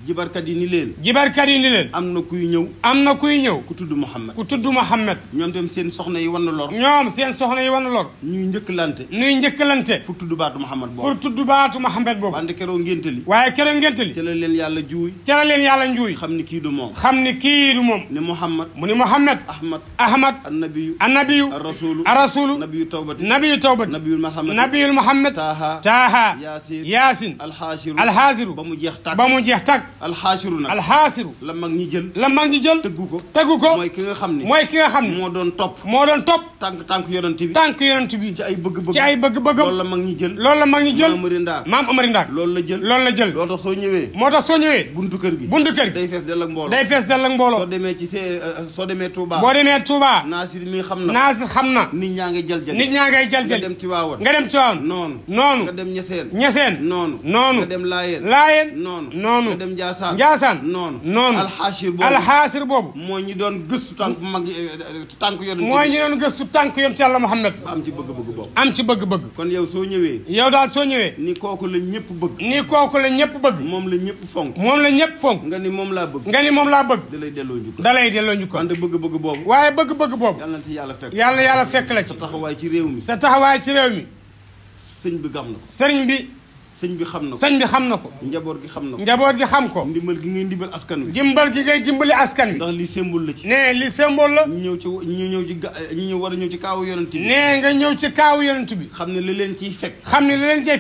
jibarkat yi ni leen jibarkat yi ni leen am na kuy ñëw am na kuy ñëw ku tudd Muhammad ku tudd Muhammad ñoom tam seen soxna yi wan na lor ñoom seen soxna yi wan na lor ñuy njëkkalante ñuy njëkkalante pour tudd baatu Muhammad boobu pour tudd baatu Muhammad boobu wante keroo ngénte li waaye keroo ngénte li ca la leen yàlla juuy ca la leen yàlla njuuy xam ni kii du moom xam ni kii du moom ni Muhammad mu ni Muhammad Ahmad Ahmad annabiyu annabiyu arrasulu arrasulu nabiyu tawbati nabiyu tawbati nabiyul Muhammad nabiyul Muhammad taaha taaha yaasin yaasin alxaasiru alxaasiru ba mu jeex tàkk ba mu jeex tàkk alxaasiru nag alxaasiru la mag ñi jël la mag ñi jël tëggu ko tëggu ko mooy ki nga xam ne mooy ki nga xam ne moo doon topp moo doon topp tànk tànk yonent bi tànk yonent bi ci ay bëgg-bëgg ci ay bëgg-bëgg loolu la mag ñi jël loolu la mag ñi jël maam Amari Ndaak maam Amari Ndaak loolu la jël loolu la jël loolu tax soo ñëwee moo tax soo ñëwee buntu kër gi buntu kër gi day fees dell ak mbooloo day fees demee ci see euh, euh, soo demee Touba boo demee Touba Naasir mi xam na Naasir na nit ñaa ngay jël jël nit ñaa ngay jël jël nga dem Tiwaawan nga dem Tiwaawan noonu noonu nga dem Ñeseen Ñeseen noonu noonu dem Laayeen Laayeen noonu noonu Ndiassane Ndiassane noonu noonu alxaasir boobu alxaasir boobu moo ñu doon gëstu tànk mag eh, tànk yoon moo ñu doon gëstu tànk yoon ci yàlla Muhammad am ci bëgg-bëgg boobu am ci bëgg-bëgg kon yow soo ñëwee yow daal soo ñëwee ni kooku la ñëpp bëgg ni kooku la ñëpp bëgg moom la ñëpp fonk moom la ñëpp fonk nga ni moom laa bëgg nga ni moom laa bëgg da lay delloo njukkal da lay delloo njukkal wante bëgg-bëgg boobu waaye bëgg-bëgg boobu yàlla na ci la ci sa taxawaay ci réew mi sa taxawaay ci réew mi sëñ bi gam na ko sëriñ bi sëñ bi xam na ko sëñ bi xam na ko. njaboot gi xam na ko njaboot gi xam ko. ndimbal gi ngay ndimbal askan wi. ndimbal gi ngay dimbali askan wi. ndax li symbole la ci. nee li symbole la. ñu ñëw ci ñu ñëw ci ga ñu ñëw war a ñëw ci kaawu yonent bi. nee nga ñëw ci kaawu yonent bi. xam ne li leen ciy fekk. xam ne li leen ciy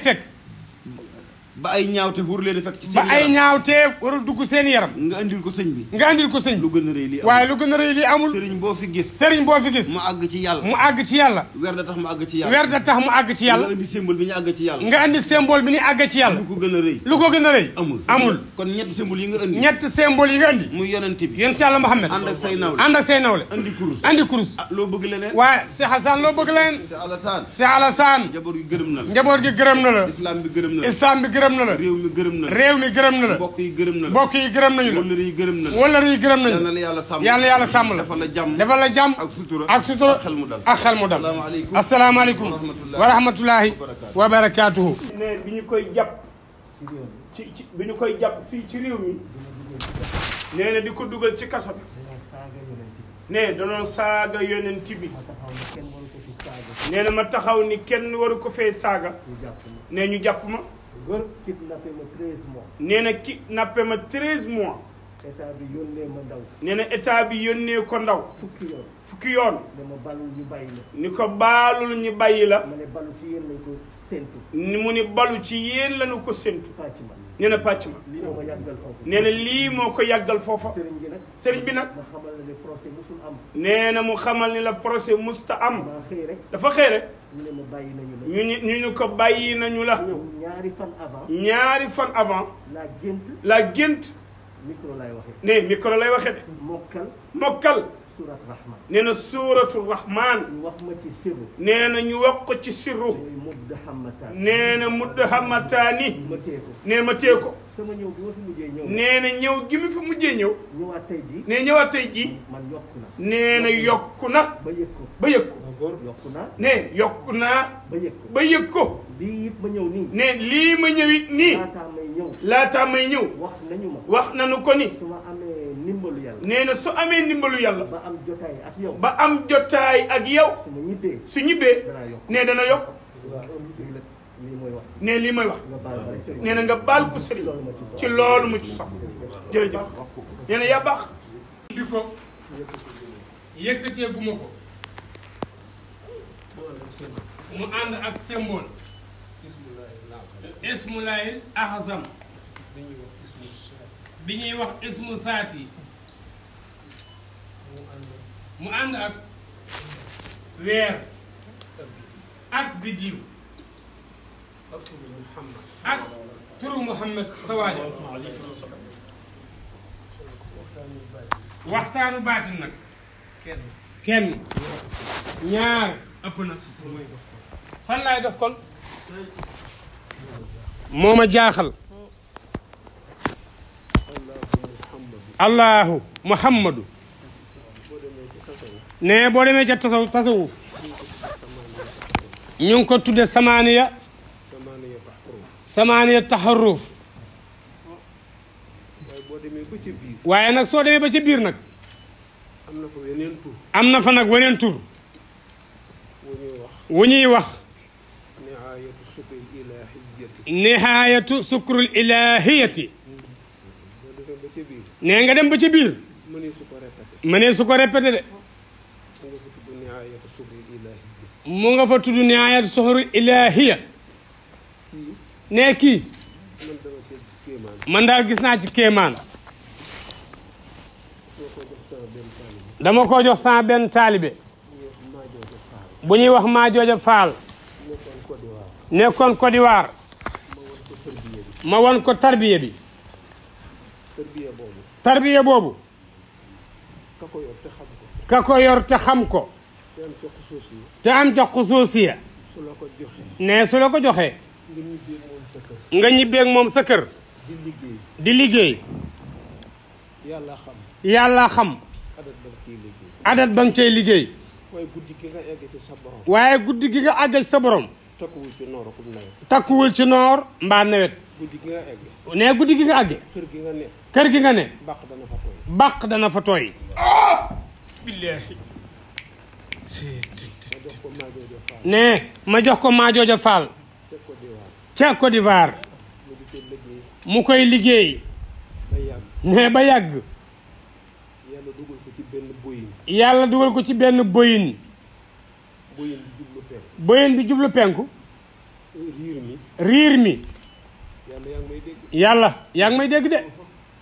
ba ay ñaawteef warul leen a fekk ci seen yaram ba ay ñaawteef warul dugg seen yaram nga andil ko sëñ bi nga andil ko sëñ lu gën a rëy lii waaye lu gën a rëy lii amul sëriñ boo fi gis sëriñ boo fi gis mu àgg ci yàlla mu àgg ci yàlla weer da tax mu àgg ci yàlla weer da tax mu àgg ci yàlla nga andi symbole bi ñu àgg ci yàlla nga andi symbole bi ñu àgg ci yàlla lu ko gën a rëy lu ko gën a rëy amul amul kon ñetti symbole yi nga andi ñetti symbole yi nga andi muy yonent bi yonent yàlla Muhammad ànd ak say nawle ànd ak say nawle andi kurus andi kurus ah, loo bëgg leneen waaye Cheikh Alassane loo bëgg leneen Cheikh Alassane Cheikh Alassane njaboot gi gërëm na la njaboot gi gërëm na la islam bi gërëm na la islam bi gërëm gërëm na la réew mi gërëm na la réew mi gërëm na la mbokk yi gërëm na la mbokk yi gërëm nañu la wëllëre yi gërëm na la wëllëre yi gërëm nañu yàlla yàlla sàmm yàlla yàlla sàmm la defal la jàmm defal la jàmm ak sutura ak sutura ak xel mu dal ak xel mu dal asalaamaaleykum wa rahmatulahi wa barakaatuhu ne bi ñu koy jàpp ci ci bi ñu koy jàpp fii ci réew mi nee na di ko dugal ci kaso bi ne danoon saaga yonent bi nee na ma taxaw ni kenn waru ko fee saaga ne ñu jàpp ma góor kidnappé ma nee na kidnappé ma treize mois. état bi yónnee ma ndaw. nee na état bi yónnee ko ndaw. fukki yoon fukki ma balul ñu bàyyi ni ko baalul ñu bàyyi la. mu ne balu ci yéen ni mu ni balu ci yéen lañu ko séntu. pàcc ma na pàcc ma. lii moo ko nee na lii moo ko yàggal foofa. sëriñ bi nag sëriñ bi nag. mu xamal ne am. nee na mu xamal ne la procès musta am. dafa xëy ñu bàyyi nañu la. ñu ko bàyyi nañu la. ñaari fan avant. ñaari fan avant. laa gént. laa lay waxee. nee micro lay waxee de. mokkal. mokkal. suurat rahman. nee na suuratu rahman. ñu wax ma ci sirru. nee na ñu wax ko ci sirru. nee na mudd hamataani. nee ma tee ko. sama ñëw bi ma ñëw. nee na ñëw gi mu fi mujjee ñëw. ñëwaat tey jii. nee ñëwaat tey jii. man yokku na. nee na yokku na. ba yëg ko ba yëg naa. nee yokku naa. ba yëg ko ba yëg ko. lii ma ñëw nii. nee lii ma ñëw it nii. ñëw. laataa wax na ma. ko ni. su ma amee ndimbalu yàlla. nee na su amee ndimbalu yàlla. ba am jotaay ak yow. ba am jotaay ak yow. su ma su ñibbee. nee dana yokk. ne li may wax na nga baal ko sëriñ ci loolu mu ci sof jërëjëf nee na yaa ko yëkkatee bu ma ko mu ànd ak symbole ismulaayil ahzam bi ñuy wax ismu saati ak turu Mouhamed Sawaali waxtaanu baatin nag kenn ñaar ëpp na fan laay def kon ma jaaxal allahu muhammadu ne boo demee ca tasaw tasawuf ñu ngi ko tudde samaaniya samaaniya taxarruuf waaye nag soo demee ba ci biir nag am na fa am na fa nag weneen tur wu ñuy wax nihaayatu sukrul ilaahiyati nee nga dem ba ci biir mënee su ko répété de mu nga fa tudd nihaayatu sukrul ilaahiya nee kii man daal gis naa ci kéemaan dama ko jox sama benn taalibe bu ñuy wax maa jooja faal nekkoon Kodiwaar ma won ko tarbiye bi tarbiye boobu ka ko yor te xam ko te am ca xusuusiya ne su la ko joxee nga ñibbeeg moom sa kër. di liggéey yàlla xam. yàlla xam. adat ba nga cay liggéey. waaye guddi gi nga egg ci sa borom. waaye guddi gi sa borom. takkuwul ci noor ak nawet. takkuwul ci noor mbaa nawet. guddi gi nga egg. nee guddi gi nga àgg. kër gi nga ne. bàq dana fa tooy. bàq ah! ma jox ko Maajooja Faal. ca Côte mu koy liggéey ne ba yàgg yàlla dugal ko ci benn boyin yàlla dugal ko ci benn boyin boyin bi jublu penku riir mi mi yàlla yaa ngi may dégg yàlla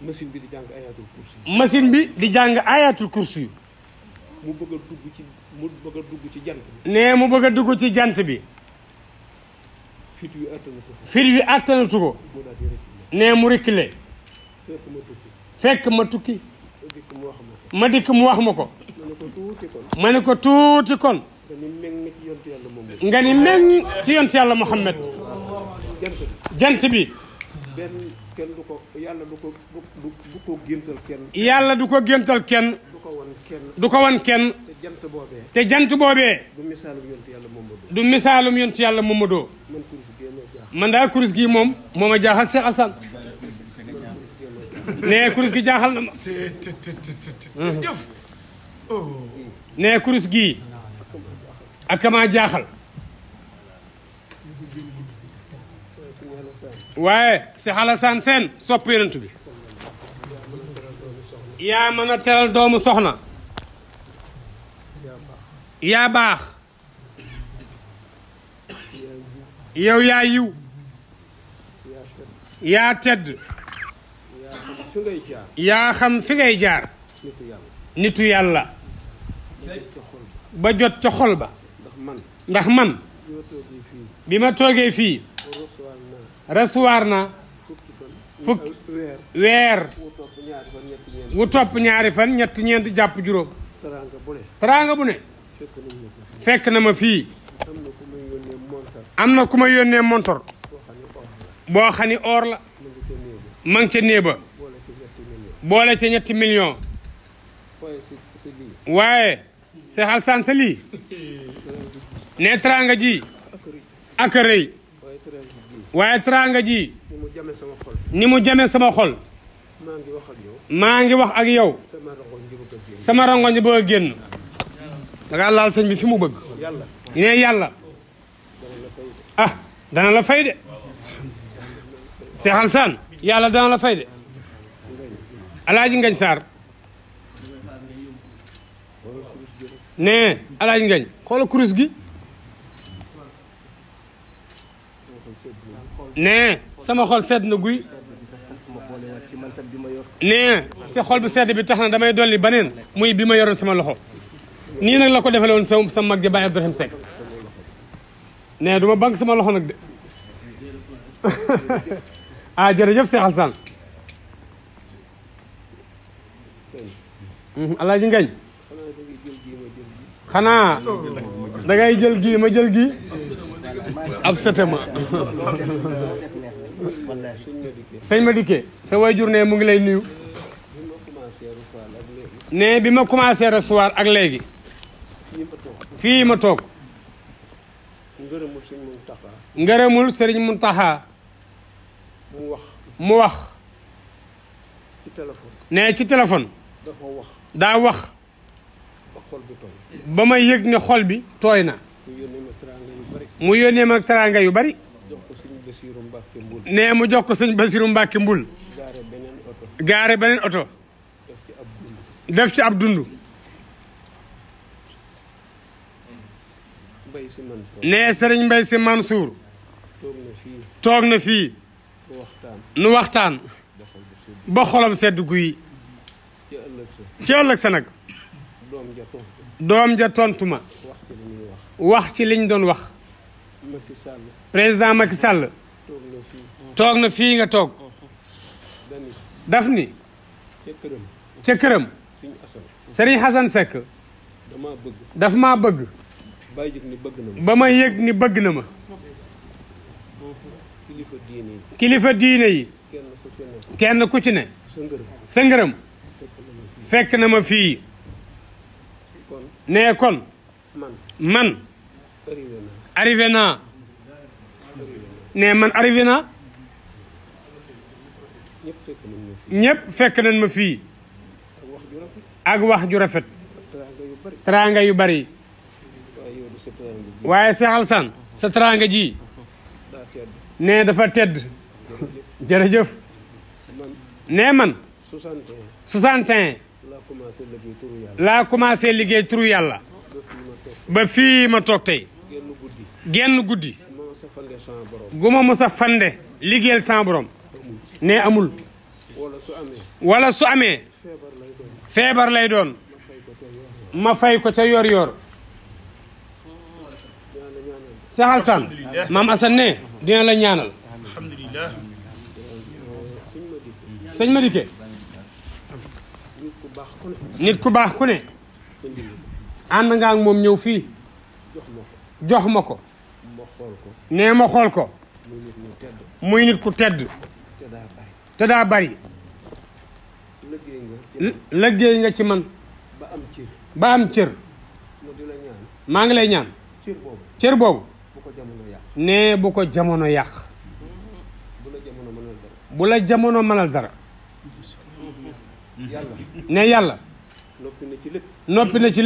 de machine bi di jàng ayatul kursi machine bi di jàng ayatul kursi mu bëgg a dugg ci mu bëgg a dugg ci jant bi ne mu bëgg a dugg ci jant bi fit wi àttanatu ko. fit wi àttanatu ko. nee mu reculer. fekk ma tukki. fekk ma tukki. ma dikk mu wax ma ko. ma ne ko tuuti kon. nga ni meññ ci yontu yàlla Muhammad. jant bi. kenn ko yàlla du ko du ko kenn. yàlla du ko géntal kenn. du ko wan kenn. du ko wan kenn. te jant boobee. te jant boobee. du misaalum yontu yàlla Momadou. du misaalum yontu yàlla Momadou. man daa kuris gi moom moo ma jaaxal Cheikh Alassane nee gi jaaxal na ma. nee kuris gii ak kamaa jaaxal waaye Cheikh Alassane Sène sopp yonent bi yaa mën a teral doomu soxna yaa baax yow yaa yiw yaa tedd yaa xam fi ngay jaar nitu yàlla ba jot ca xol ba ndax man bi ma toogee fii recevoir na fukki weer wu topp ñaari fan ñett ñeent jàpp juróom teraanga bu ne fekk na ma fii am na ku ma yónnee montor boo xam ni or la ma ngi ca néeg ba boole ca ñetti million waaye Seex Alsaan sa lii ne teraanga ji ak rëy waaye teraanga ji ni mu jame sama xol maa ngi wax ak yow sama rongoñ bëgg a génn da ngaa laal sëñ bi fi mu bëgg ne yàlla ah dana la fay de Cheikh Alassane yàlla dana la fay de alaaji ngañ saar ne alaaji ngañ xool kurus gi ne sama xol sedd na guy ne sa xol bu sedd bi tax na damay dolli baneen muy bi ma yoroon sama loxo nii nag la ko defale woon sa sa mag ja Baye Abdourahim Seck ne du sama loxo nag de ah jërëjëf Cheikh Alassane mhm, Alaaji Ngañ xanaa dangay jël gii ma jël gi ab setema sëñ ma dikkee sa waajur ne mu ngi lay nuyu ne bi ma commencé recevoir ak léegi fii ma toog ngërëmul sëriñ Muntaxa mu wax mu wax. ci téléphone. nee ci téléphone. dafa wax daa wax. ba xol bi tooy. may yëg ne xol bi tooy na. mu yónnee ma teraanga yu bari. mu nee mu jox ko sëñ Basiru Mbàkke Mbul. gaare beneen oto. def ci ab dund. nee Sëriñ Mbay Si Mansour. toog na fii. nu waxtaan ba xolam sedd guy ci ëllëg sa nag doom ja tontuma ma wax ci liñ doon wax président Macky sàll toog na fii nga toog daf ni ca këram Serigne Hassan Seck daf maa bëgg ba ma yëg ni bëgg na ma kilifa diine yi. kilifa diine kenn ku ci ne. sa fekk na ma fii. nee kon. man. arrivé naa. man arrivé ñépp fekk nañ ma fii. ak wax ju rafet. teraanga yu bari. waaye Seex Alasaan sa teraanga ji. ne dafa tedd jërëjëf ne man 61 laa commencé liggéey turu yàlla ba fii ma toog tey genn guddi gu ma fande liggéeyal sans borom ne amul wala su amee feebar lay doon ma fay ko ca yor Seex Alsaan maam Asan ne dina la ñaanal alhamdulilah sëñ Madike nit ku baax ku ne ànd nga ak moom ñëw fii jox ma ko nee ma xool ko muy nit ku tedd te daa bari liggéey nga ci man ba am cër maa ngi lay ñaan cër boobu nee bu ko jamono yàq mm-hmm. bu la jamono mënal dara ne yàlla noppi na ci lépp noppi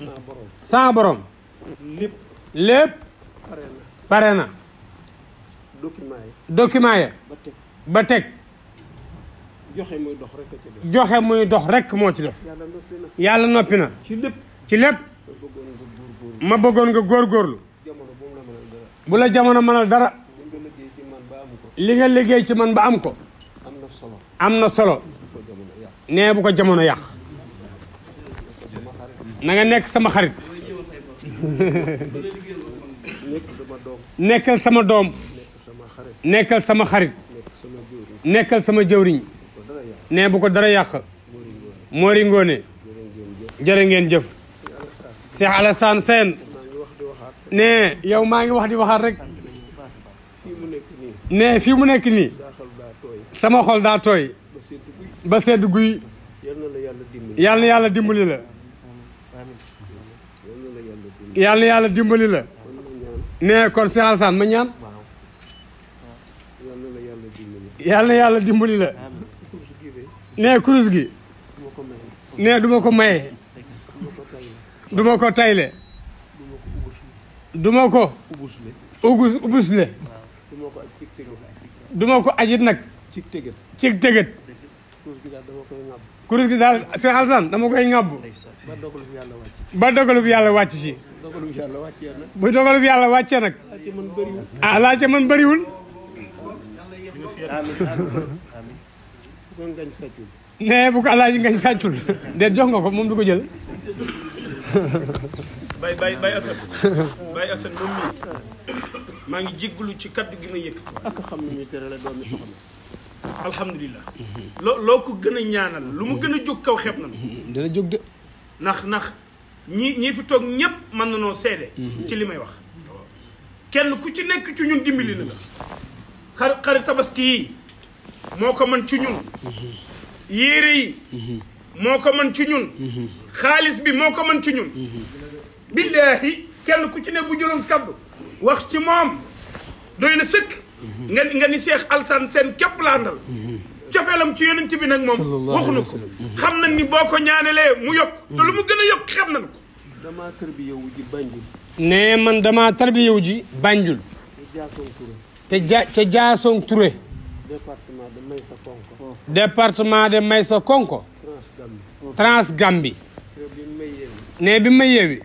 na lépp lépp pare na document ya ba teg joxe muy dox rek joxe muy dox rek moo ci des yàlla noppi na ci lépp ci lépp ma bëggoon nga góor góorlu bu la jamono mënal dara li nga liggéey ci man ba am ko am na solo nee bu ko jamono yàq na nga nekk sama xarit nekkal sama doom nekkal sama xarit nekkal sama jëwriñ nee bu ko dara yàq Mori Ngoone jërë ngeen jëf Cheikh Alassane ne yow maa ngi wax di waxaat rek ne fii mu nekk nii sama xol daa tooy ba sedd guy yàlla yàlla dimbali la yàlla na yàlla dimbali la yàlla na yàlla dimbali kurus gi ne du ko maye du ma ko tayle du ma ko. ubusle ugus ubusle. ko ak cig tëgët. du ma ko ajit nag. cig tëgët cig tëgët. kurus gi daal dama koy ŋàbb. kurus gi daal Cheikh Alassane dama koy ŋàbb. ba dogalub yàlla wàcc ci. yàlla wàcc ci. dogalub yàlla wàccee nag. bu dogalub yàlla wàccee nag. ah laa ca mën bu ko alaaji ngañ sàccul de jox nga ko moom du ko jël. bay bay bay Assane bay Assane moom mii maa ngi jéggalu ci kaddu gi ma yëkkati. ak la doomi loo loo ko gën a ñaanal lu mu gën a jóg kaw xeeb na. dana jóg de. ndax ndax ñi ñi fi toog ñëpp mën na noo seede. ci li may wax. kenn ku ci nekk ci ñun dimbili na la. xar xari tabaski yi moo ko mën ci ñun. yéere yi. Mhm. moo ko mën ci ñun. Mhm. xaalis bi moo ko mën ci ñun. billaahi kenn ku ci ne bu jëloon kaddu wax ci moom doy na sëkk. nga nga ni Cheikh Alassane Sène képp laa ndal cofeelam ci yonent bi nag moom waxu na ko xam na ni boo ko ñaanelee mu yokk te lu mu gën a yokk ko dama tarbiyewu ji Banjul ne man dama tarbiyewu ji Banjul te ja te Jaasong Touré département de Maysa Konko département de Maysa Konko Trans Gambie ne bi ma yeewi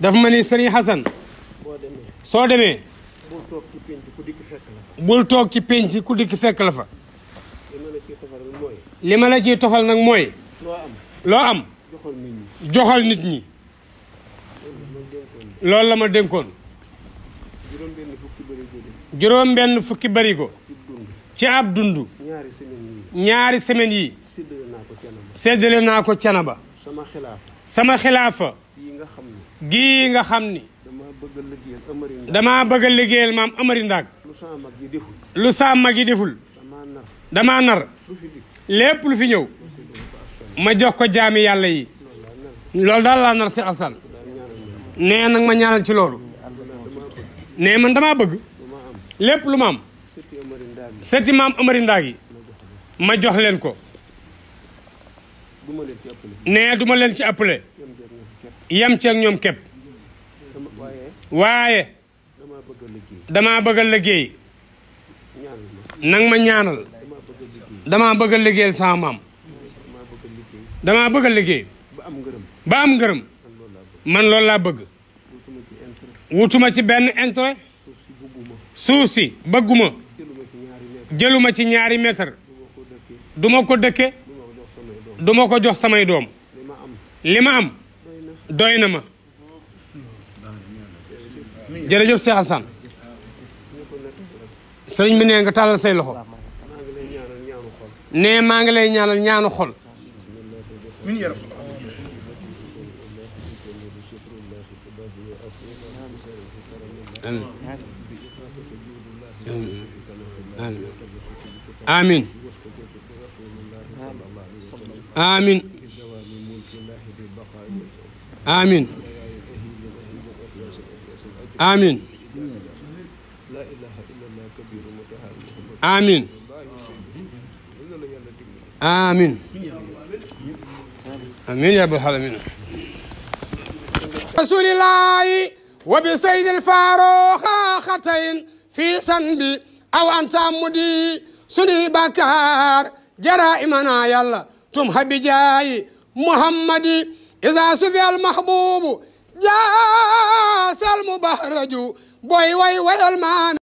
daf ma ni sëriñ Xasan soo demee bul toog ci pénc ku dikk fekk la fa bul li ma la ciy toxal nag mooy loo am loo am joxal nit ñi loolu la ma dénkoon juróom benn fukki bari ko ci ab dund ñaari semaine yi séddale naa ko cana ba sama xilaafa yi gii nga xam ni. damaa bëgg a liggéeyal Amary Ndaag. damaa deful. damaa nar. lépp lu fi ñëw. ma jox ko jaami yàlla daal laa nar si alsan nee nag ma ci loolu. man damaa bëgg. lu ma am. seti maam Amary Ndaag yi. ma jox leen ko. nee du ma leen ci appelé. yem ci ñoom képp waaye damaa bëgg a liggéey nang ma ñaanal damaa bëgg a liggéeyal sama maam bëgg a liggéey ba am ngërëm man loolu laa bëgg wutuma ci benn intérêt suuf si bëgguma jëluma ci ñaari mètre duma ko dëkke duma ko jox samay doom li ma am doy na ma jërëjëf Cheikh Alassane sëriñ bi nee nga tàllal say loxo nee maa ngi lay ñaanal ñaanu xol amin amin amin amin amin amin amin ya rabbal alamin rasulillahi wa bi sayyidil faruqa khatayn fi sanbi aw anta mudi suni bakar jara imana yalla tum habijayi muhammadi isa su fi almaxbuubu jaasal mubahraju booy way wayal maami